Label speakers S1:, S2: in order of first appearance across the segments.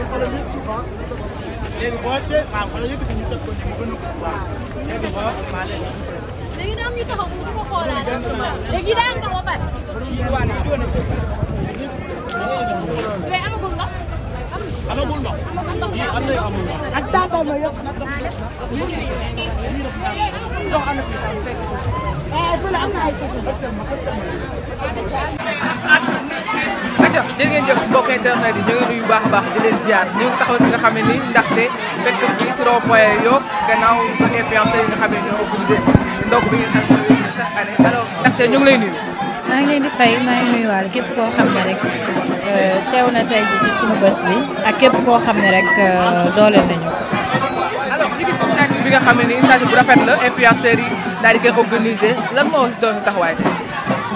S1: léegi xoolal yëpp souvent léegi boo tee waaw xoolal yëpp ñu teg ko ci gën a ko waaw léegi boo maa léegi.
S2: léegi daa am ñu taxaw bu ko xoolaat léegi daa am nga ba
S1: pare. ak taata ma yëpp
S3: jërë ngeen jëf mbokk internet yi ñu ngi nuyu baax a baax di leen ziar ñu ngi taxaw ci nga xam ne nii ndaxte fekk fii si rond-point Yoff gannaaw influenceurs yi nga xam ne ñoo obligé ndog bi ngeen xam ne chaque année alors ndaxte ñu ngi lay nuyu.
S2: maa ngi leen di fay maa ngi nuyuwaale képp koo xam ne rek. Euh, teew na tey ji ci sunu bi ak képp koo xam ne rek euh, doole nañu.
S3: bi nga xam ne initiative bu rafet la influenceurs yi daal di koy organiser lan moo doon taxawaay.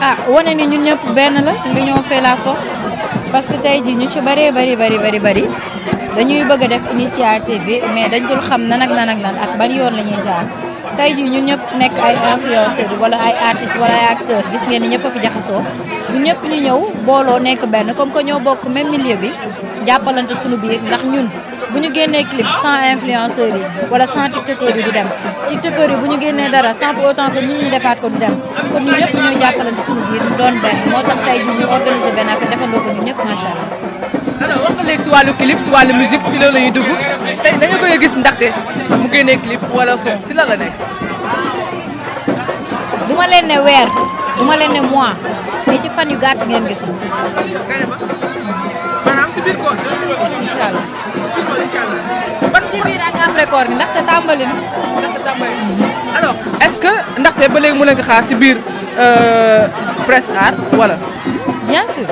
S2: ah wane ni ñu ñëpp benn la l'union fait la force parce que tey ji ñu ci bëree bëri bari bëri bëri dañuy bëgg a def initiative bi mais dañ dul xam nan ak nan ak nan ak ban yoon la ñuy jaar. tey jii ñun ñëpp nekk ay influenceurs wala ay artistes wala ay acteurs gis ngeen ni ñëpp a fi jaxasoo ñun ñëpp ñu ñëw booloo nekk benn comme que ñoo bokk même milieu bi jàppalante suñu biir ndax ñun bu ñu génnee clip sans influenceurs yi wala sans tiktokeurs yi du dem tiktokeurs yi bu ñu génnee dara sans pour autant que ñun ñu defaat ko du dem kon ñun ñëpp ñooy jàppalante suñu biir mu doon benn moo tax tey jii ñu organiser benn affaire defandoo ko ñun ñëpp macha allah.
S3: alors wax nga léegi si wàllu clip si wàllu musique si loolu la ñuy dugg tey dañu koy gis ndaxte mu génnee clip wala son si lan la nekk.
S2: du ma leen ne weer du ma leen ne mois mais ci fan yu gàtt ngeen gis ko.
S3: maanaam si biir koor. si biir koor incha allah.
S2: ban ci biir ak après koor gi ndaxte tàmbali na.
S3: ndaxte que ndaxte ba léegi mën nga xaar si biir euh, presse art wala. bien sûr.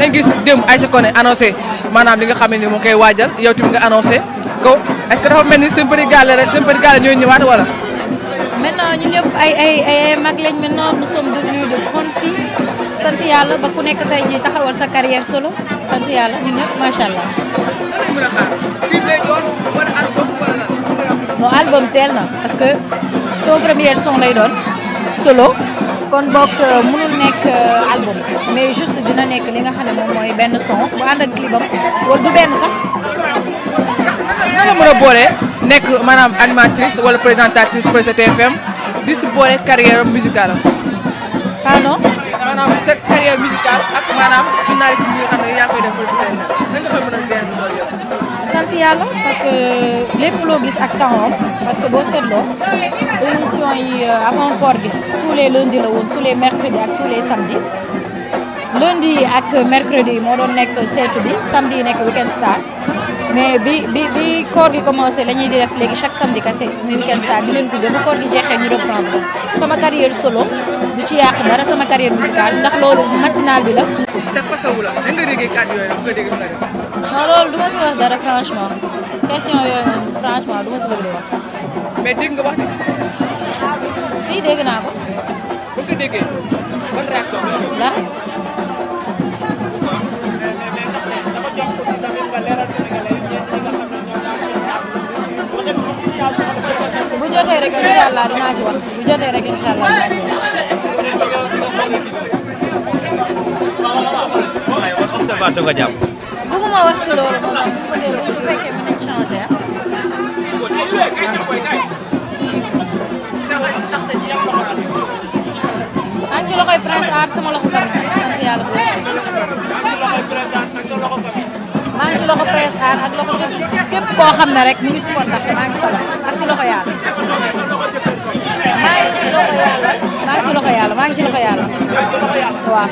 S3: lañ gis démb Aïcha Koné annoncé maanaam li nga xam ne ni mu koy waajal yow tamit nga annoncé ko est-ce que dafa mel ni seen bëri gaale rek seen bëri gaale ñooy ñëwaat wala.
S2: maintenant ñun ñëpp ay ay ay mag lañ maintenant nous sommes devenus de grandes filles sant yàlla ba ku nekk tey jii taxawal sa carrière solo sant yàlla ñun ñëpp macha allah. mën album teel na parce que sama première son lay doon solo. kon bokk euh, mënul nekk euh, album mais juste dina nekk li nga xam ne moom mooy benn son bu ànd ak clipam
S3: wala du benn sax. nan mën a boole nekk maanaam animatrice wala présentatrice projet TFM di si boole carrière musicale am. pardon. maanaam carrière musicale ak maanaam journaliste bi nga xam ne yaa koy def projet TFM nan la
S2: sant yàlla parce que lépp loo gis ak temps parce que boo seetloo émission yi euh, avant koor bi tous les lundis la woon tous les mercredis ak tous les samedis lundi ak mercredi moo doon nekk seetu bi samedi yi nekk weekend star mais bi bi bi koor gi commencé la ñuy di def léegi chaque samedi kese muy weekend star bi leen gudde bu koor gi jeexee ñu reprendre sama carrière solo du ci yàq dara sama
S3: carrière musicale ndax loolu matinal bi la. te fasawu la nan déggee kàddu yooyu bu nga dégg nga def.
S2: non loolu du si wax dara franchement question yooyu moom franchement du si bëgg di wax.
S3: mais dégg nga wax ni. si dégg naa ko.
S2: bu jotee rek incha allah ci wax.
S4: waaye wan observation nga jàpp.
S2: bëgguma wax ci loolu moom su ko delloo bu fekkee mën nañ changé ah. ci loxoy prince aar sama loxo famille sant yàlla bu maa ngi ci loxo presse aar ak loxo képp koo xam ne rek mu ngi support ndax maa ngi solo ak ci loxo yàlla. maa ngi ci loxo yàlla maa ngi ci loxo yàlla waaw.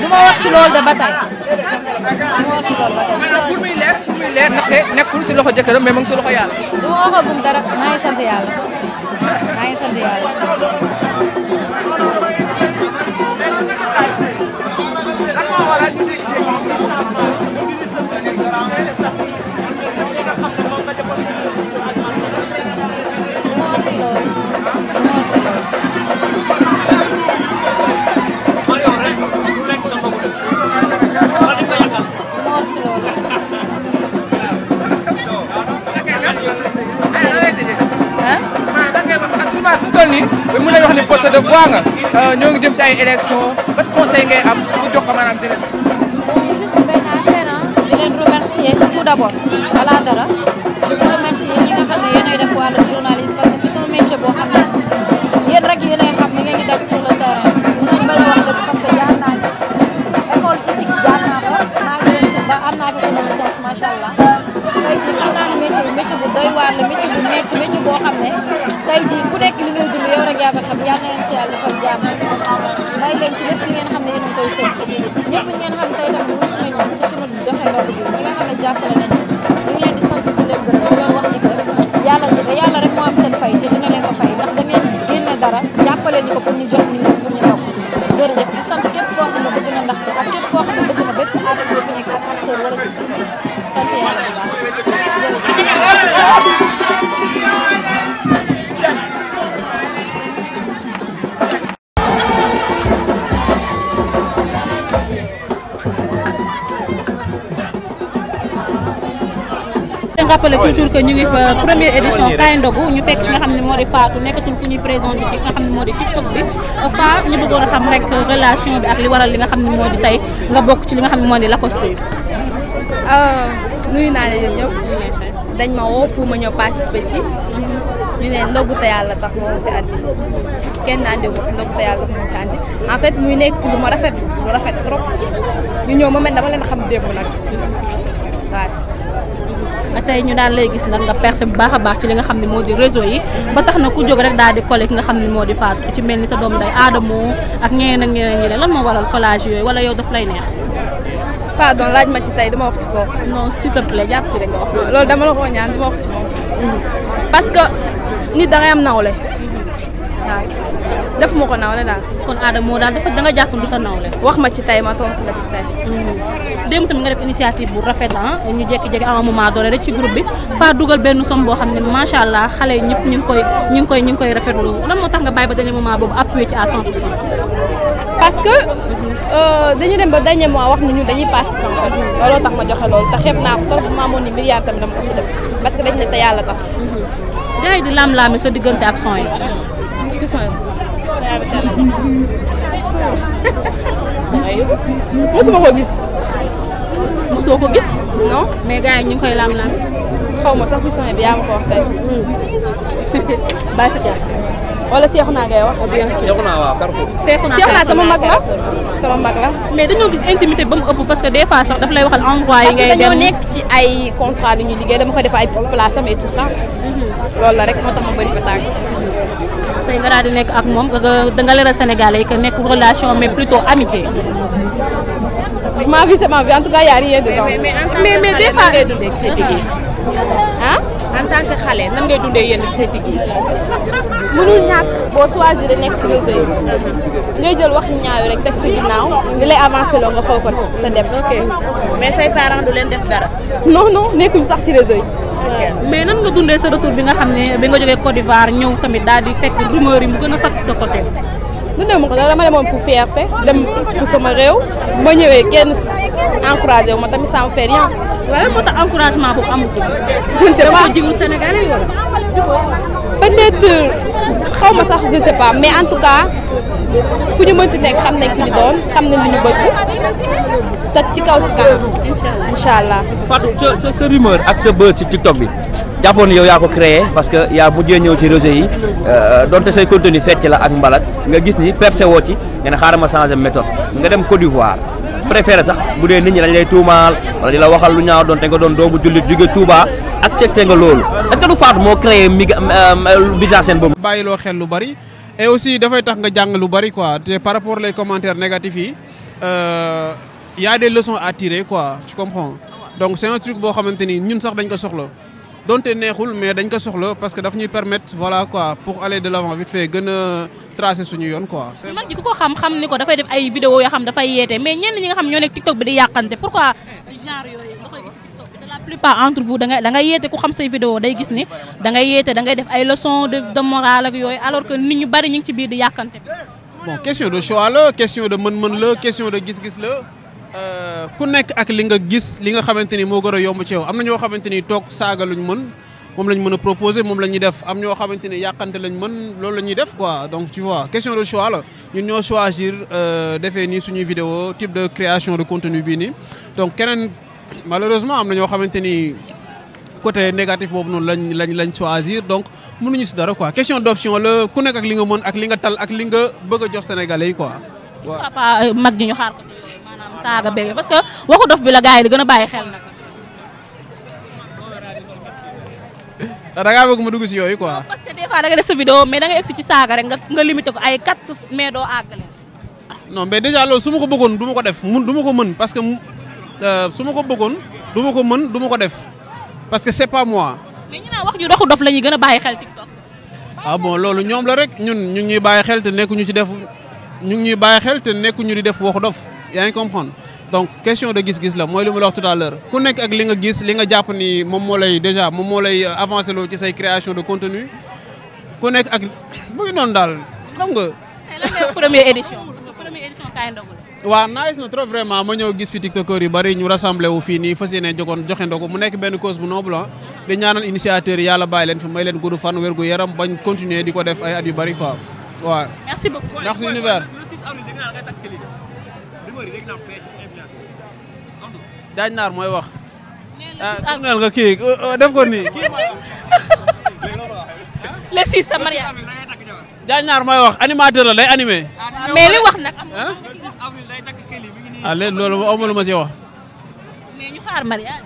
S2: du ma wax ci loolu de ba tey.
S3: du ma wax ci loolu ba tey. pour muy leer pour muy leer ndaxte nekkul si loxo jëkkëram mais mu ngi si loxo yàlla.
S2: du ma waxagum dara maa ngi sant yàlla maa ngi sant yàlla.
S3: Ousmane fu mu toll wax ne porte de voix nga euh, ñoo ngi si ay élections ban conseil ngay am pour jox maanaam jeunesse bi.
S2: bon euh, juste benn affaire ah di remercier tout d'abord balaa dara je vous remercie ñi xam ne yéenay def wàllu journaliste parce que c'est un métier boo xam ne yéen rek yéenay xam ni ngeen di daj sur le terrain mën nañu bañ parce que jaar naa ci école physique jaar naa maa naa fi sama licence macha allah. métier bi xam naa ne métier bi métier bu doy waar la métier bu métti métier boo xam ne tey jii ku nekk li ngay dund yow rek yaa ko xam yal na leen ci yàlla defal jàmm may leen ci lépp li ngeen xam ne yéen a ngi koy sëñ ñëpp ñi ngeen xam tey tam gis nañu ci sunu joxe ndogu bi ñi nga xam ne jàppale nañu ñu ngi leen di sant di leen gërëm di leen wax ni que yàlla yàlla rek moo am seen fay te dina leen ko fay ndax da ngeen génne dara jàppale ñu ko pour ñu jox
S5: rappelé toujours que ñu ñu fekk nga xam ne moo di Fatou nekkatul ku ñuy présenté ci nga xam ne moo di TikTok bi fa ñu bëggoon a xam rek relation bi ak li waral li nga xam ne moo di tey nga bokk ci li nga xam ne moo di Lacoste yi
S6: ah, nuyu naa leen ñëpp dañ ma woo pour ma ñëw participer ci ñu ne ndogu te yàlla tax moo fi andi kenn andi wu ndogu yàlla tax moo fi andi en muy nekk lu ma rafet lu rafet trop ñu ñëw ma mel dama leen xam démb nag waaw.
S5: tey ñu daan lay gis nag nga percé bu baax baax ci li nga xam ne moo di réseau yi ba tax na ku jóg rek daal di collé nga xam ne moo di faatu ci mel ni sa doom day aadamoo ak ñeneen ak ñeneen ñi lan ma waral collage yooyu wala yow daf lay neex. pardon laaj ma ci tey
S6: dama wax ci kooku. non s'il te plaît jàpp ci rek wax. loolu dama la ko ñaan dama wax ci moom. parce que nit da am nawle. waaw def ma ko
S5: nawle daal. kon Adama moo daal dafa da nga jàpp du sa nawle. wax ma ci tey ma tontu la mm. nga def initiative bu rafet ah ñu jekki jékki à un moment rek ci groupe bi faa dugal benn somme boo xam ne macha allah xale yi ñëpp ñu ngi koy ñu ngi koy ñu ngi koy rafetlu lan moo tax nga bàyyi ba dernier moment boobu appuyé ci à 100 pour
S6: parce que euh, dañu dem ba dernier mois wax nañu dañuy passé en fait looloo tax ma joxe loolu te xeeb naa ko trop maa moon ni milliard tamit dama ko ci def parce que dañ ne te yàlla tax.
S5: gars yi di laam-laame sa diggante ak son yi. ko gis.
S6: mosoo ko gis. non mais gars yi ñu ngi koy laam-laame. xaw ma sax bu son bi yaa ma ko wax tey. Hmm. wala seexu naa ngay wax. bien sûr
S5: seexu naa waaw sama mag la sama mag la. mais dañoo gis intimité ba mu ëpp parce que des fois sax daf lay waxal endroit yi. ngay dem parce que dañoo nekk
S6: ci ay contrat lu ñu liggéey dama koy def ay place am et tout ça. Mhm. loolu la rek moo tax ma bëri fa tànk. Mhm.
S5: tey nga daal di nekk ak moom da nga leeral Sénégalais yi que nekk relation mais plutôt amitié. ma vie c'est ma vie
S6: en tout cas y a rien en tant que
S5: xale nan ngay dundee yenn critiques yi.
S6: mënul ñàkk boo choisir nekk ci réseau yi. ngay jël wax ñaaw rek teg ci ginnaaw li lay avancé loo nga xoo ko te dem. ok mais say parents du leen def dara. non non nekkuñ sax ci réseau yi.
S5: mais nan nga dundee sa retour bi nga xam ne bi nga jógee Côte d'Ivoire ñëw tamit daal di fekk rumeur yi mu gën a sax ci sa côté.
S6: dundee ma ko dama demoon pour fierté dem pour sama réew ma ñëwee kenn. encouragé wu ma tamit ça moo
S5: tax encouragement boobu amu ci. je pas jiwu
S6: xaw ma sax je ne pas mais en tout cas fu ñu mënti nekk xam nañ fu ñu doon xam nañ li ñu bëgg teg ci kaw ci kanam. incha allah
S4: Fatou sa sa rumeur ak sa buzz ci TikTok bi. jàppoon yow yaa ko créé parce que yaa mujjee ñëw ci réseau yi euh, donte say contenu fecc la ak mbalat nga gis ni percé woo ci nga ne xaaral ma changer méthode nga dem Côte d'Ivoire. préféré sax bu dee nit ñi dañ lay tuumaal wala di la waxal lu ñaaw doon te nga doon doomu jullit jóge Touba ak ceeb te nga loolu est-ce que du faat moo créé mi euh,
S7: euh, bija seen boobu. bàyyiloo xel lu bari et aussi dafay tax nga jàng lu bari quoi te par rapport les commentaires négatifs yi euh, y a des leçons à tirer quoi tu comprends donc c'est un boo xamante ni ñun sax dañ ko soxla. donte neexul mais dañ ko soxla parce que daf ñuy permettre voilà quoi pour aller de l'avant vite fait gën a tracer suñu yoon quoi.
S5: mag ji ko xam-xam ni ko dafay def ay vidéo yoo xam dafay yeete mais ñenn ñi nga xam ñoo nekk TikTok bi di yàqante pourquoi genre yooyu nga da ngay da ngay yeete ku xam say vidéo day gis ni da ngay yeete da ngay def ay leçons de de morale ak yooyu alors que nit ñu bari ñu ngi ci biir di yàkkante
S7: bon question de choix la question de mën-mën la question de gis-gis la. Euh, ku nekk ak li nga gis li nga xamante ni moo gën a yomb ci am na ñoo xamante ni toog saaga luñ mën moom lañ mën a proposé moom la ñuy def am ñoo xamante ni yàqante lañ mën loolu la ñuy def ko donc tu vois question de choix la ñun ñoo choisir euh, defee nii suñuy vidéo type de création de contenu bii nii donc keneen malheureusement am na ñoo xamante ni côté négatif boobu noonu lañ lañ lañ choisir donc mënuñu si dara quoi question d' option la ku nekk ak li nga mën ak li nga tal ak li nga bëgg jox sénégalais yi quoi.
S5: Euh, mag ñu xaar maanaam saaga béy parce que waxu dof bi la gars yi di gën a bàyyi xel nag.
S7: Ah, da ngaa bëgg mu dugg si yooyu quoi.
S5: parce que des fois da nga def sa vidéo mais da nga egg ci saaga rek nga nga limité ko ay quatre mais doo àggale.
S7: non mais déjà loolu su ma ko bëggoon du ma ko def mun du ma ko mën parce que euh, su ma ko bëggoon duma ko mën duma ko def parce que c'est pas moi.
S5: mais ñu naan wax la ñuy gën a bàyyi xel TikTok.
S7: ah bon loolu ñoom la rek ñun ñu ñuy bàyyi xel te ñu ci def ñu ngi ñuy bàyyi xel te nekkuñu di def waxu dof. yaa ngi comprendre donc question de gis-gis la mooy li ma la wax tout à l'heure ku nekk ak li nga gis li nga jàpp ni moom moo lay déjà moom moo lay euh, avancé loo ci say création de contenu ku nekk ak mu ngi daal xam nga. première édition
S5: première édition kaay ndogu la.
S7: waaw nice na gis fi tiktokeur yu bari ñu rassemblé wu fii nii fas yéene jogoon joxe ndogu mu nekk benn cause bu noble ah. di ñaanal initiateur yi yàlla bàyyi leen fi may leen gudd fan wér gu yaram bañ continuer di ko def ay at yu bari quoi waaw. merci merci univers. jaaj naar mooy wax. ah sa uh, uh, mariage. mooy wax animateur la lay animé.
S5: Ah, mais li wax nag.
S7: ah loolu ma lu ma si wax.
S5: mais ñu xaar mariage.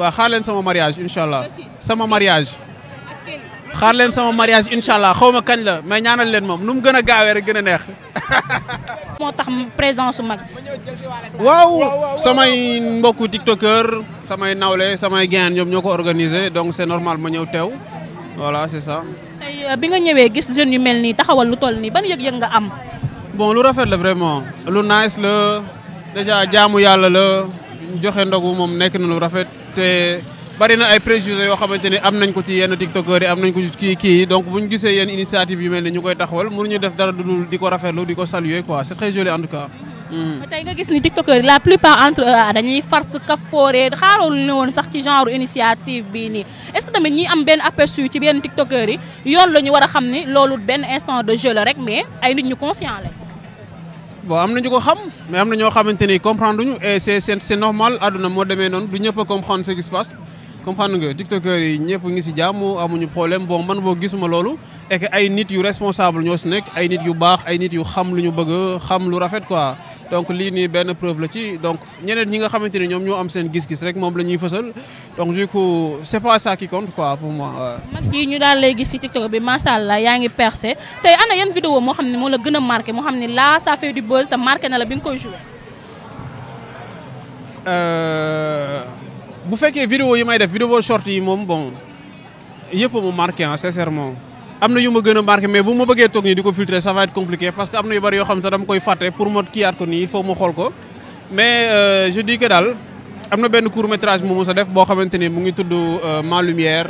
S7: ah sama mariage incha allah. sama mariage. xaar leen sama mariage incha allah xaw ma kañ la mais ñaanal leen moom nu mu gën a gaawee gën a neex.
S5: moo tax présence su mag.
S7: waaw samay mbokku tiktokeur samay nawle samay gain ñoom ñoo ko organisé donc c'est normal ma ñëw teew voilà c'est ça.
S5: Euh, bi nga ñëwee gis jeunes yu mel nii taxawal lu tol nii ban yëg-yëg nga am.
S7: bon lu rafet la vraiment. lu nice la déjà jaamu yàlla la joxe ndogu moom nekk na lu rafet te. bari na ay préjugés yoo xamante ne am nañ ko ci yenn tiktokers yi am nañ ko ci kii kii yi donc bu ñu gisee yenn initiative yu mel hmm.
S5: gis ni tiktokers yi la plupart ah, woon sax ci genre initiative bii nii est que tamit ñi am benn aperçu ci benn tiktokers yi yoon a xam ni loolu benn instant de jeu rek mais ay nit ñu conscient la
S7: bon am nañu ko xam mais am na ñoo xamante ni comprendre ñu et c'est c'est normal àdduna moo demee noonu du ñëpp a comprendre ce qui se comprendre nga tiktokeur yi ñëpp ngi si jàmm amuñu problème bon man boo gisuma loolu et ay nit yu responsable ñoo si nekk ay nit yu baax ay nit yu xam lu ñu bëgg xam lu rafet quoi donc lii nii benn preuve la ci donc ñeneen ñi nga xamante ni ñoom ñoo am seen gis-gis rek moom la ñuy fësal donc du coup c'est pas pour moi. mag
S5: yi ñu daan lay gis si tiktok bi macha yaa ngi percé tey ana yan vidéo moo xam ne moo la gën a marqué moo xam ne là ça
S7: bu fekkee vidéo yi may def vidéo short yi moom bon yëpp mu marqué ah sincèrement am na yu ma gën a marqué mais bu ma bëggee toog nii di ko filtrer ça va être compliqué parce que am na yu bari yoo xam sax dama ma kiiyaat ko mais euh, je dis que daal am na benn court métrage mu sa def boo xamante ni mu ngi tudd euh, ma lumière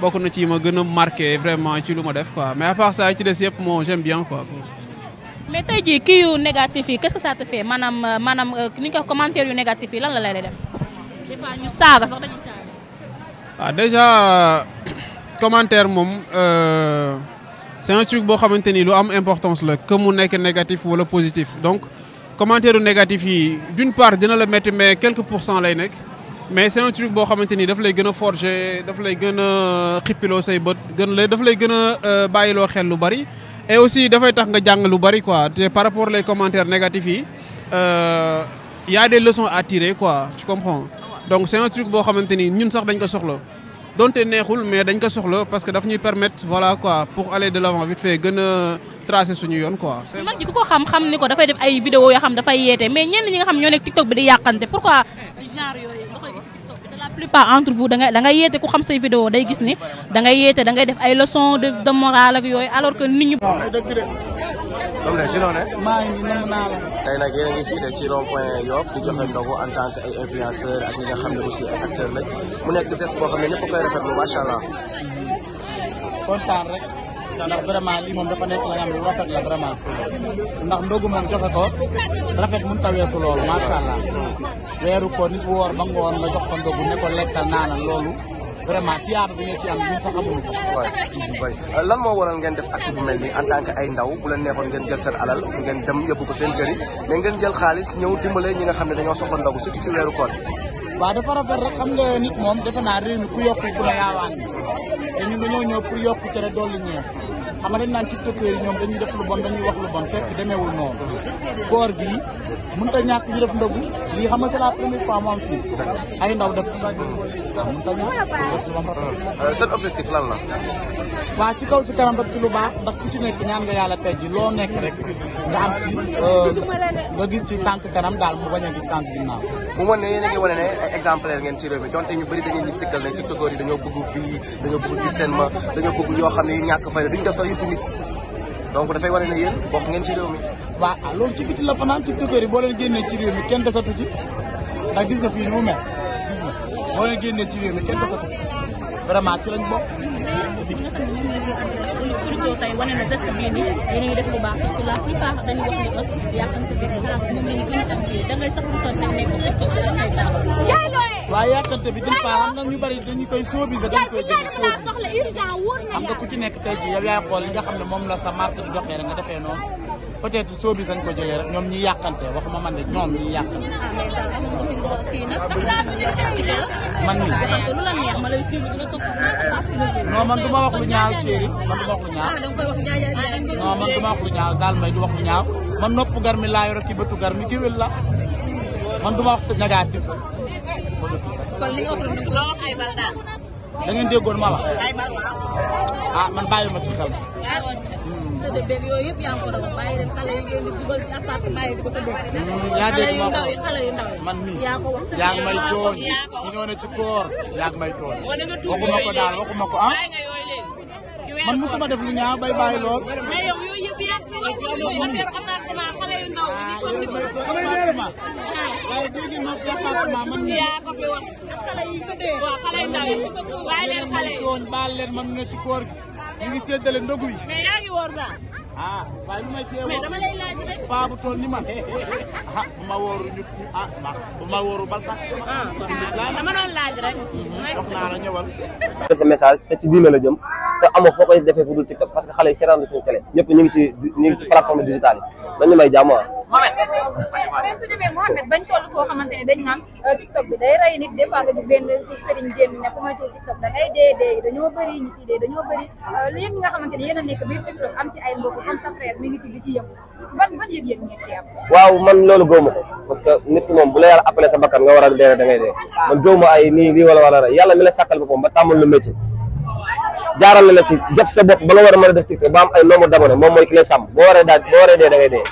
S7: bokk na ci ma gën a marqué vraiment ci lu ma def quoi mais à part ça ci des yëpp moo j'aime bien quoi.
S5: mais tey jii kii yu négatif yi quest que ça te fait maanaam euh, maanaam ni nga ko commentaire lan la lay def. des fois ñu saaga sax dañuy saaga.
S7: waaw ah, déjà commentaire moom euh, c'est un boo xamante ni lu am importance la que mu nekk négatif wala positif donc commentaire négatif yi d'une part dina la métti mais quelques pour cent lay nekk. mais c'est un boo xamante ni daf lay gën a forger daf lay gën a xippiloo say bët gën lay daf lay gën a euh, bàyyiloo xel lu bari. et aussi dafay tax nga jàng lu bari quoi te par rapport les commentaires négatifs yi euh, y a des leçons à tirer quoi tu comprends. donc c'est un boo xamante ni ñun sax dañ ko soxla donte neexul mais dañ ko soxla parce que dafa ñuy permettre voilà quoi pour aller de l'avant vite fait gën a tracer suñu yoon quoi. mag
S5: ji ko xam-xam ni ko dafay dem ay vidéo yoo xam dafay yeete mais ñenn ñi nga xam ñoo nekk TikTok bi di yàqante pourquoi genre plupart entre vous da da ngay yeete ku xam say vidéo day gis ni da ngay yeete da ngay def ay leçon de de morale ak yooyu alors que nit ñi.
S1: comme ne si noonu ne. maa ngi nuyu naa la. tey nag yéen ci rond point Yoff di joxe ndogu
S4: en tant ay influenceur ak ñi nga xam ne aussi ay acteurs
S1: lañ mu ndax vraiment lii moom dafa nekk la nga xam ne rafet la vraiment ndax ndogu moom joxe ko rafet mun ta weesu loolu macha allah weeru ko nit woor ba ngoon nga jox ko ndogu ne ko lekkal naanal loolu vraiment tiyaaba bi
S4: nga ci am ñun sax lan moo waral ngeen def acte bu mel nii tant que ay ndaw bu leen neexoon ngeen jël seen alal ngeen ko seen kër yi mais ngeen jël xaalis ñëw dimbale ñi nga xam ne dañoo soxla ndogu surtout ci weeru koor waaw dafa nit moom defe naa réew mi ku yokk ku la yaawaan
S1: te ñun dañoo ñëw pour yokk cere dolli ñeex xam nga dañ naan tiktokers yi ñoom dañuy def lu bon dañuy wax lu bon fekk demeewul noonu koor gi mun ta ñàkk ñu def ndogu lii xam nga c'est la première fois mu am fii ay ndaw def mënut a
S4: euh, seen objectif lan la
S1: waaw ci kaw ci kanam rek ci lu baax ndax ku ci nekk ñaan nga yàlla tey ji loo nekk rek nga am euh, nga gis ci tànk kanam daal mu bañ a gis tànk ginnaaw
S4: mu mën ne yéen a ngi wane ne ay exemplaire ngeen ci réew mi donte ñu bëri dañuy ñu sikkal ne tiktokeur yi dañoo bëgg vie dañoo bëgg distancement dañoo bëgg yoo xam ne yu ñàkk fay duñ def sax yëfu nit donc dafay wane ne yéen bokk ngeen ci réew mi waaw ah, loolu ci biti la fanaan tiktokeur yi boo leen génnee ci réew mi kenn desatu ci
S1: ndax gis nga fii ni mu mel gis nga boo mi kenn vraiment ci
S5: lañ bokk bi nga xam ne ñoom ñoo ngi ànd tey wane na geste bii nii yéen a ngi def bu baax parce que la plupart dañuy wax ni ëpp yàqante bi sax ñoom la ñu gën a da ngay sax lu sonn nekk fekk ko
S1: waaye yàkkante bi dañ faa na ñu bari dañu koy sóobise dañ koy jënd xam nga ku ci nekk tey jii yow yaay xool li nga xam ne moom la sa marché di doxee rek nga defee noonu peut-être sóobise dañ ko jëlee rek ñoom ñi yàkkante waxuma man de ñoom ñi yàkkante
S5: ah, man mi ah, non man ma wax lu ñaaw chéri man du ma wax lu ñaaw non ma
S1: wax lu nopp gar mi laa yor ki bëtu gar mi géwél la man du ma wax négatif kon li nga wax
S5: rek loo ma la.
S1: Ah, man bàyyi ma ci xel. yaa
S5: hmm. yaa di dugal ci appartement yi di ko hmm, ma ko man
S1: mii yaa ko may tooñ ñu ñëw ci koor yaa ngi may tooñ. waxuma ko daal waxuma ko ah. man musuma def lu ñaaw bay bàyyi lool. waaye léegi ma département ngi séddale ndogu yi mais yaa laaj rek naa la ñëwal
S4: sa message te ci diine la jëm te amoo foo defee fu dul TikTok parce que xale yi seetaan na suñu télé ñu ngi ci ñu ngi ci plateforme digitale yi nañu may jàmm ah.
S8: mais su dañ naan euh, TikTok bi day euh, ci ay mbokk di ci yëngu
S4: waaw man loolu gëwuma ko parce que nit moom bu la yàlla appelé sa bakkan nga war a dee da ngay dee man gëwuma ay nii lii wala wala yàlla mi la sàkkal boppam ba tàmmul lu métier jaaral na la ci jëf sa bopp ba la war a mën a def TikTok ba am ay nombre d'abonnés moom mooy ki lay sàmm boo waree daal boo waree dee da dee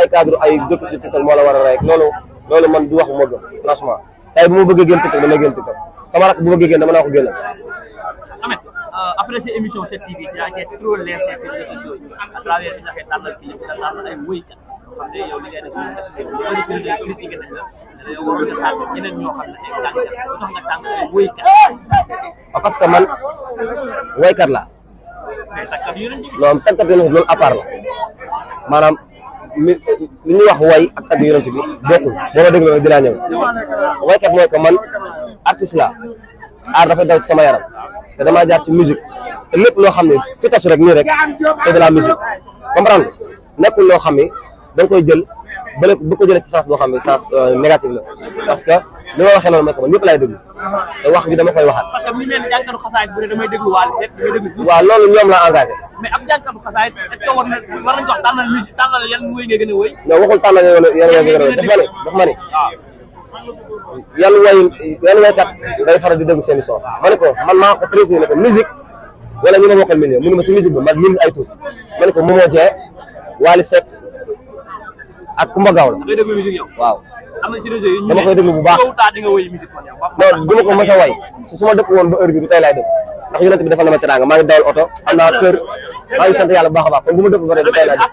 S4: du ay ay dëkk ci TikTok moo a rey loolu loolu man du wax ma gëm franchement saa yi bu ma bëggee génn na tànn ñeneen ñoo xam ne que man wóykat laa. non takkat yu rëdd loolu à li ñuy wax way ak tagg yonent bi bokkul boo ma dégloo dinaa ñëw
S1: waykat mooy que man
S4: artiste la aar dafay daw ci sama yaram te damaa jaar ci musique te lépp loo xam ne fi tasu rek nii rek c'est de la musique comprendre nekkul loo xam ne da nga koy jël bële bu ko jëlee ci sens boo xam ne sens euh, négatif la parce que li ma waxee noonu man ko man ñëpp laay déglu uh-huh. wax gi dama koy waxaat. parce que bu ñu nee jànkatu xasaay bu ne damay déglu Wally Seck damay déglu. waaw loolu ñoom la engagé. mais ab jànkatu xasaay est-ce que war na war nañu ko wax tànnal musique tànnal yan a wéy. a wéy ma ne. yan di déglu seen i son ma ne ko man maa ko précisé ne ko musique wala ñu ne ma ko million ma si musique bi man ñun ay tur ma ne ko Momo Dieng Wally Seck ak Coumba Gawlo. waaw dama koy déglu bu baax non du ma ko mës a way su ma dëkk woon ba heure bi du tey laay dëkk ndax yonent bi dafa na ma teraanga maa ngi dawal oto am naa kër maa ngi sant yàlla bu baax a baax kon bu ma dëkk ba du tey laay dëkk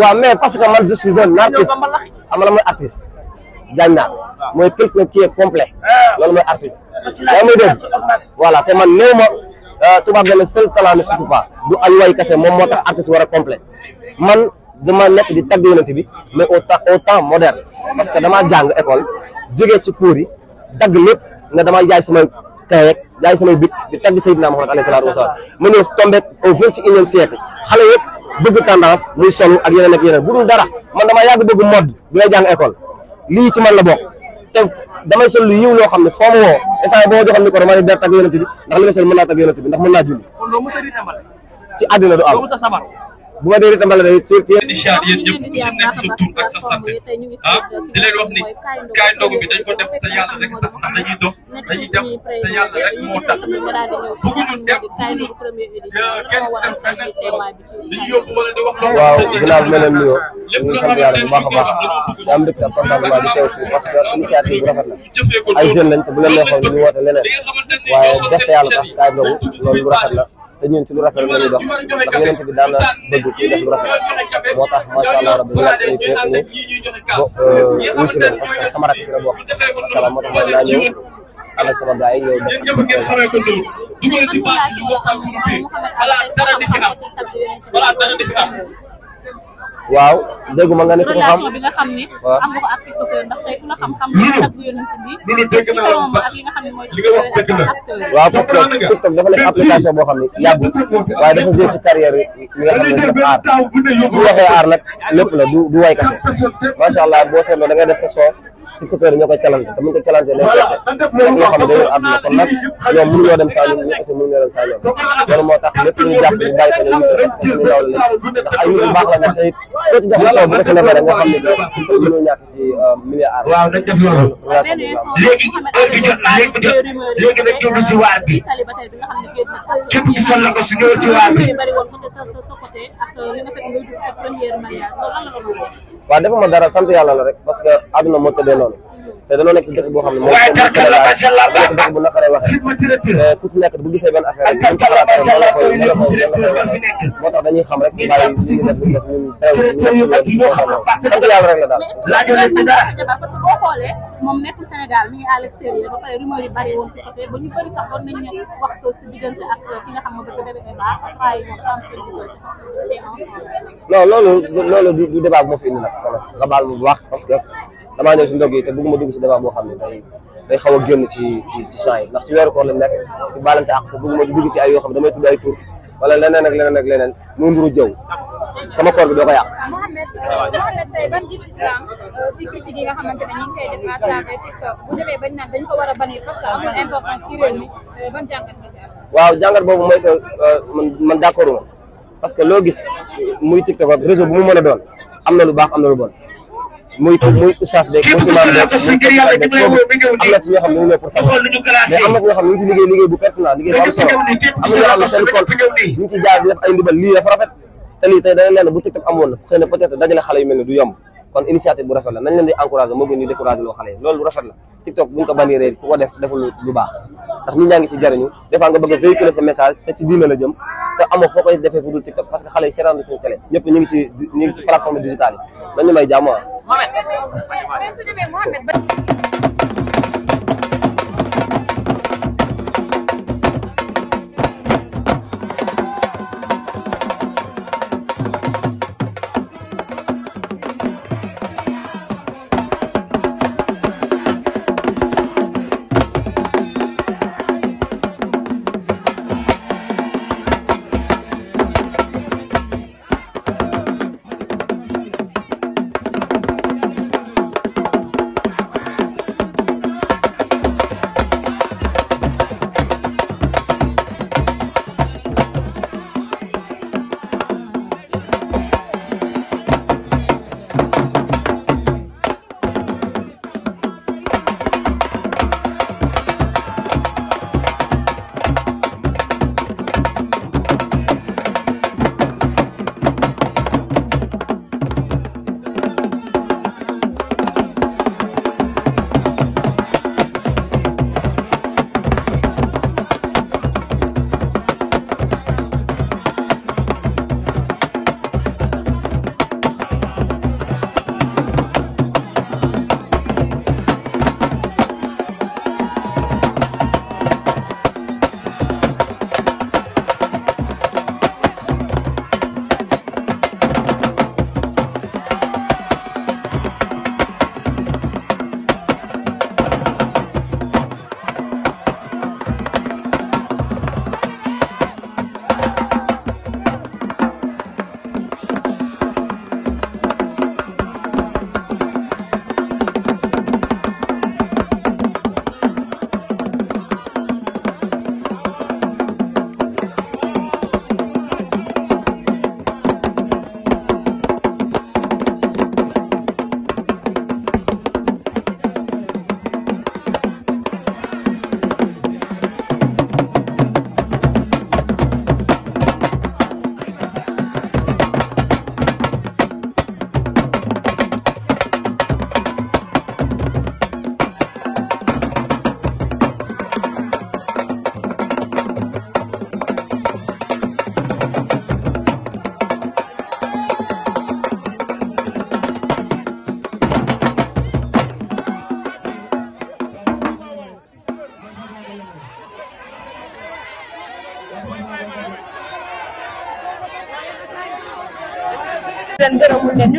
S1: waaw mais parce que man si suis un artiste
S4: am la mooy artiste jaañ naa mooy quelqu'un qui est complet loolu mooy artiste yaa muy dégg voilà te man néew ma euh, tubaab dana seul talent ne suffit pas du ay way kese moom moo tax artiste war a complet man dama di tagg yonent bi mais au temps au temps moderne parce que damaa jàng école jógee ci cours yi dagg lépp nga damay jaay samay kaye rek jaay samay bit di tagg Seydina Muhammad alayhi salaatu wasalaam mu ñëw tombé au vingt et unième siècle xale yëpp ak yeneen ak bu dara man damaa yàgg bëgg mode bi may jàng école lii ci man la bokk te damay sol lu yiw loo xam ne foo ma woo instant boo joxoon micro ma ne der tagg yonent bi ndax li mën naa tagg yonent bi ndax mën naa julli ci àddina du am bu ma déggee tambale day sur ci yéen incha yéen ñëpp ku ah, te yàlla rek tax ndax dañuy dox te yàlla rek waaw ginnaaw bi ma leen nuyoo ngi sant yàlla baax a baax di am mbégte ak contentement di teew fii parce que initiative bu rafet la ay jeunes lañ te bu leen neexoon ñu woote leneen waaye def te yàlla tax kaay ndogu loolu lu rafet la te ñun ci lu rafet la ñuy dox ndax bi daan na dégg ci def lu rafet moo tax macha allah rabbi ñu laaj suñu teew ñu bo wuyu si leen parce que sama rakk ci la bokk macha allah moo tax man naa ñëw ànd ak sama gars yi ñëw def ak. waaw dégguma nga ne ko xam relation
S5: nga xam ni. waaw am nga ko ak tiktokeur ndax la xam-xam.
S4: li nga xam ne mooy
S1: waaw parce que dafa nekk
S4: application boo xam ne yàggul waaye dafa joué ci carrière yi nga xam ne dafa aar bu waxee aar nag lépp la du du way kase macha allah boo seetloo da ngay def sa son. tiktoker ñoo koy calante te mu ngi koy calante ne ñoo xam ne dañu àdduna kon nag ñoom mënuñoo dem saa ñoom ñu aussi mënuñoo dem saa ñoom loolu moo tax lépp ñu jàpp ñu bàyyi ko ñu yusuf parce que ñu yow la ndax ay nit yu baax la ndax tey képp jox la bu ko si lebee nga xam ne mënoo ñàkk ci euh, milliard waaw dañ def loolu léegi heure bi jot na léegi jot léegi nag jublu si waar bi
S5: képp gi sol la ko su ñëw si waar bi
S4: waaw defuma dara sant yàlla la rek parce que àdduna moo tëddee noonu te dañoo nekk ci dëkk boo xam ne moom dëkk bu naqaree waxee ku ci nekk bu gisee benn affaire rek ñu moo tax dañuy xam rek bàyyi li ñu def ñun teew sant yàlla rek la daal parce
S5: que boo xoolee moom nekkul Sénégal mi ngi à l'extérieur ba pare rumeur yi bari woon ci côté ba ñu bëri sax doon nañ ne ak ki nga xam ne dafa bébé Eva waaye moom am seen diggante
S4: non loolu loolu du débat la baal bu baax parce damaa ñëw si ndog yi te bëgguma dugg si débat boo xam ne day day xaw a génn ci ci ci champs yi ndax si weeru koor lañ nekk ci baalante ak te bëgguma dugg ay yoo xam damay tudd ay tur wala leneen ak leneen ak leneen mu nduru jëw sama koor bi doo euh,
S6: waaw jox euh,
S8: bu demee bañ naan dañ ko war a ah. euh,
S4: waaw jàngat boobu ma que man man d' accord parce que loo gis muy TikTok réseau bu mu mën a doon am na lu baax am na lu bon. muy muy oustaz beeg muy imaam beeg muy beeg am na ci ñoo xam ne ñu pour faj mais am na ñoo xam ne ñu ngi ci liggéey liggéey bu pertinent liggéey bu am solo am na ñoo xam ne seen compte ñu ngi ci jaar di def ay ndibal lii dafa rafet te lii tey dana leen bu tëkkam amoon xëy na peut-être dajale xale yu mel ne du yomb kon initiative bu rafet la nañ leen di encouragé moo gën di découragé loo xale yi loolu lu rafet la TikTok buñ ko bannir ku ko def deful lu baax ndax nit ñaa ngi ci jariñu defaa fois nga bëgg véhiculer sa message te ci diina la jëm te amoo foo koy defee fu dul TikTok parce que xale yi seetaan nañu télé ñëpp ñu ngi ci ñu plateforme digitale yi nañu may jàmm ah.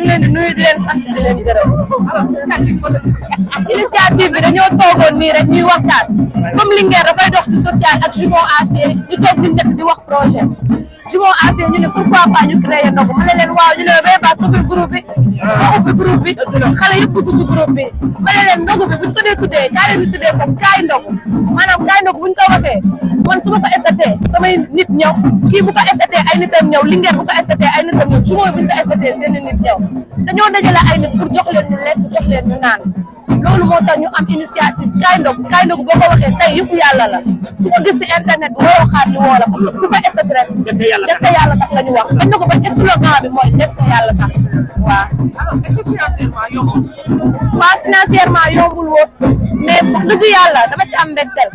S8: ñu leen di nuyu di leen sant di leen gërëm initiative bi dañoo toogoon nii rek ñuy waxtaan comme Linguère dafay dox ci social ak Jumon AC ñu toog ñu nekk di wax projet Jumon AC ñu ne pourquoi pas ñu créer ndogu ma leen waaw ñu ne bay baa ubbi groupe bi ma ubbi groupe bi xale yëpp dugg ci ma leen ndogu bi buñ ko dee tuddee kaa leen ñu tuddee ndogu maanaam kaay ndogu buñ man su ma ko esatee samay nit ñëw kii bu ko esatee ay nitam ñëw Linguère bu ko esatee ay nitam ñëw Jumo bu ñu ko esatee seen nit ñëw dañoo dajale ay nit pour jox leen lekk jox leen ñu naan loolu moo tax ñu am initiative Kaay Ndog Kaay Ndog boo ko waxee tey yëpp yàlla la ku ko gis si internet bi xaar ñu woo la parce que ku ko esatee rek. yàlla tax la ñu wax bañ na ko ba slogan bi mooy def ko yàlla tax waaw. alors est-ce yombul. waaw mais wax dëgg yàlla dama ci am mbégteel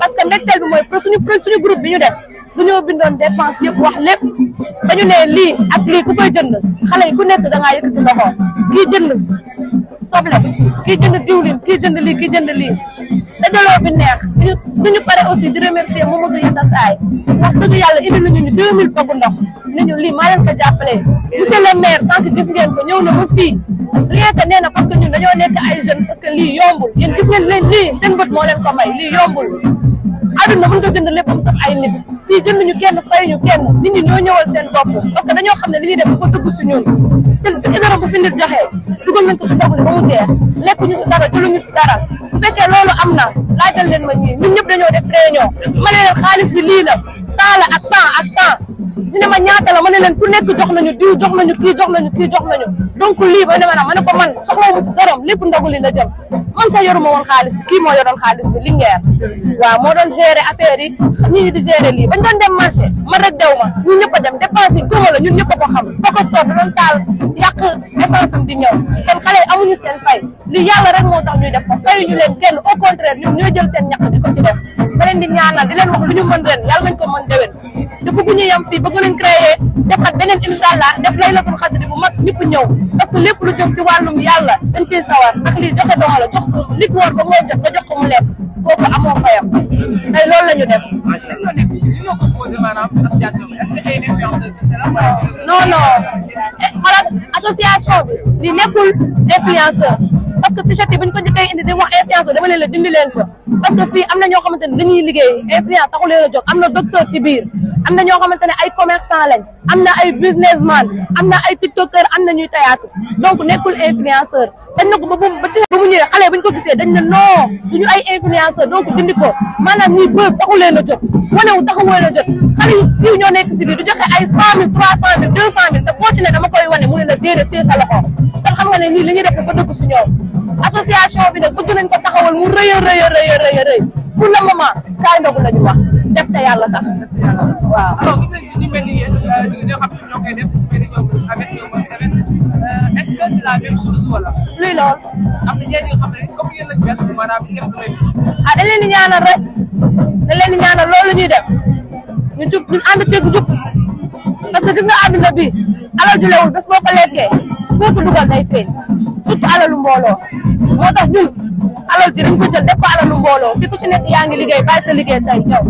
S8: parce que mbégteel bi mooy suñu suñu groupe bi ñu def dañoo bindoon dépense yëpp wax lépp dañu ne lii ak lii ku koy jënd xale yi ku nekk da ngaa yëkkati loxo kii jënd soble kii jënd diwlin kii jënd lii kii jënd lii te daloo bi neex ñu suñu pare aussi di remercier Mamadou Yata Saay wax dëgg yàlla indi nañu ni 2000 pagu ndox ni ñu lii maa leen ko jàppale monsieur le maire sànq gis ngeen ko ñëw na fii rien que parce que ñun dañoo nekk ay jeunes parce que lii yombul yéen gis ngeen lii seen bët moo ko may lii yombul adduna buñ ko jënd lépp mu sax ay nit fii jënduñu kenn fayuñu kenn nit ñi ñoo ñëwal seen bopp parce que dañoo xam ne li ñuy def bu ko dëgg si ñun te idara bu fi dugal nañ ko si mu jeex loolu am na laajal leen ma ñii ñun ñëpp dañoo def réunion ma ne xaalis bi lii la temps la ak temps ak ñu ne ma ñaata la ma ne leen ku nekk jox nañu diw jox nañu kii jox nañu kii jox nañu donc lii ba ne ma ma ne ko man soxlawu dërëm lépp ndogu li la jëm man sa yoruma woon xaalis bi kii moo yoroon xaalis bi Linguère waaw moo doon gérer affaire yi ñi di gérer lii bañ doon dem marché man rek dew ma ñun ñëpp a dem dépense yi la ñun ñëpp a ko xam fokostoor da doon taal yàq essence am di ñëw kon xale yi amuñu seen fay li yàlla rek moo tax ñuy def ko fayuñu leen kenn au contraire ñoom ma leen di ñaanal di leen wax lu ñu mën ren yàlla nañ ko mën déwén du ko bu ñu yem fii bëgg nañ créer defaat beneen incha allah def laylatul xadri bu mag ñëpp ñëw parce que lépp lu jëm ci wàllum yàlla dañ ciy sawar ndax lii joxe doon la jox nit woor ba moo jot ba jox ko mu lekk kooku
S3: ko posé maanaam association bi est-ce que ay influenceurs kese
S8: association bi li nekkul parce que t-shirt yi bu ñu ko leen la dindi leen ko parce que fii am na ñoo xamante ne dañuy liggéey influence taxu leen a jóg am na docteur ci biir am na ñoo xamante ne ay commerçant lañ am na ay businessman am na ay tiktoker am na ñuy théâtre donc nekkul influenceur dañ na ko ba ba ba mu ñëwee xale bu ñu ko gisee dañ ne non duñu ay influenceur donc dindi ko maanaam ñuy bëgg taxuleen a jot wane wu taxawoo la jot xale yu siiw ñoo nekk si biir du joxe ay cent mille trois cent mille deux cent mille te koo ci ne dama koy wane mu ne la déedéet téye sa loxo kon xam nga ne ñuy def ba dëgg si a rëy a a rëy pour le moment kaay ndogu la ñu wax yàlla tax
S3: waaw. alors gis nañu ñu mel ni yéen euh, xam ne ñoo koy def ci mel ñoom avec ñoom est ce que c' est la même chose wala. luy lool. am na ñenn yoo xam ne comme rek. ah dañ
S8: leen loolu ñuy def ñu jub ñu ànd jub. parce que gis nga lewul bés boo ko lekkee foo ko dugal day feeñ alalu mbooloo moo tax ñun alal ji dañ alalu mbooloo fi ku ci nekk yaa ngi liggéey bàyyi sa liggéey tey ñëw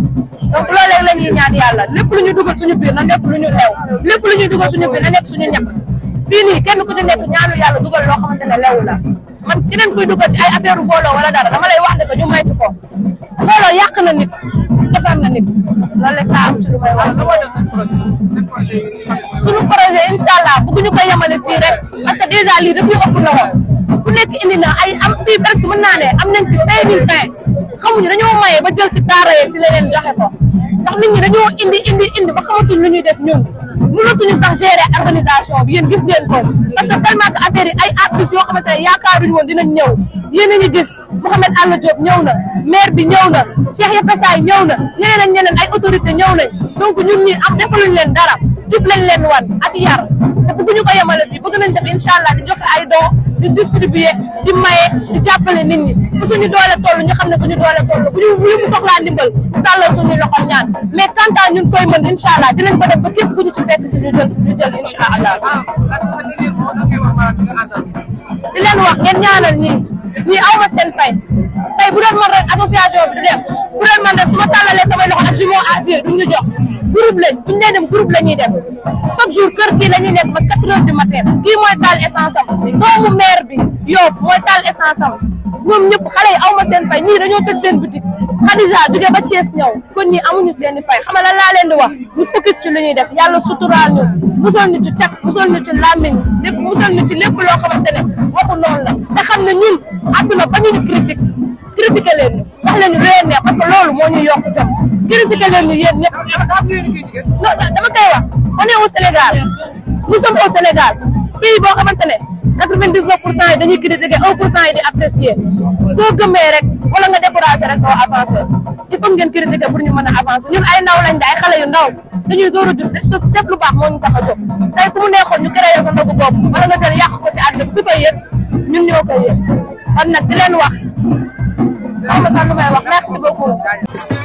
S8: donc loolu rek la ñaan yàlla lépp lu ñu dugal suñu biir na nekk lu ñu lew lépp lu ñuy dugal suñu biir na nekk suñu ñaq fii nii kenn ku ci nekk ñaanu yàlla dugal loo xamante ne lewu la man keneen kuy dugal ci ay affaire mbooloo wala dara dama lay wax ne que ñu ko looloo yàq na nit defar projet incha allah bëgguñu ko yemale fii rek parce que dèjà lii daf ñu ëpp ku nekk indi na ay am fii presque mën naa am nañ ci cinq mille francs xamuñu maye ba jël ci daara yi ci leneen joxe ko ndax nit ñi indi indi indi ba xamatuñ lu ñuy def ñun mënatuñu sax gérer organisation bi yéen gis ngeen ko parce que tellement que affaire yi ay artistes yoo xamante ne yaakaaruñu woon dinañ ñëw yéen a ngi gis Mouhamed Alla Diop ñëw na maire bi na Cheikh Yaya Faye ñëw na ñeneen ak ñeneen ay autorité ñëw nañ donc ñun ñi am defaluñ leen dara jub lañ leen wan ak yar te bëgguñu ko yemale bi bëgg nañ def incha allah di joxe ay don di distribuer di maye di jàppale nit ñi bu suñu doole toll ñu xam ne suñu doole toll bu ñu bu ñu ndimbal tàllal suñuy loxo ñaan mais tant que ñun allah dinañ ko def ba fekk si ñu jël si ñu jël incha allah.
S6: leen wax ngeen ñaanal ñii ñii aw
S8: ma fay tey bu rek association bi dem bu rek su ma tàllalee samay loxo ak jumeau à groupe lañ bu ñu nee dem groupe la ñuy dem chaque jour kër kii la ñuy nekk ba quatre heures du matin kii mooy taal essence am doomu maire xale yi aw seen fay ñii dañoo tëj seen boutique Khadija jóge ba Thiès ñëw kon ñii amuñu seen i fay xam nga di wax ñu focus ci lu ñuy def yàlla suturaal ñu musal ñu ci cat musal ñu ci làmmiñ lépp loo xamante ne waxu noonu la te xam ne ñun àdduna ba ñu critique critiqué leen ñu wax leen ñu lu leen neex parce que loolu moo ñu yokk jot critiqué leen ñu yéen ñëpp non dama koy wax on est au Sénégal nous au Sénégal pays boo xamante quatre-vingt-dix-neuf pour cent yi dañuy critiqué un pour cent yi di apprécier soo gëmee rek wala nga découragé rek doo avancé il faut ngeen critiqué pour ñu mën a avancé ñun ay ndaw lañ de ay xale yu ndaw dañuy door a jur def lu baax moo ñu tax a jóg tey ku mu neexoon ñu créé sa ndogu boobu wala nga jël am na sax lu may wax merci beaucoup.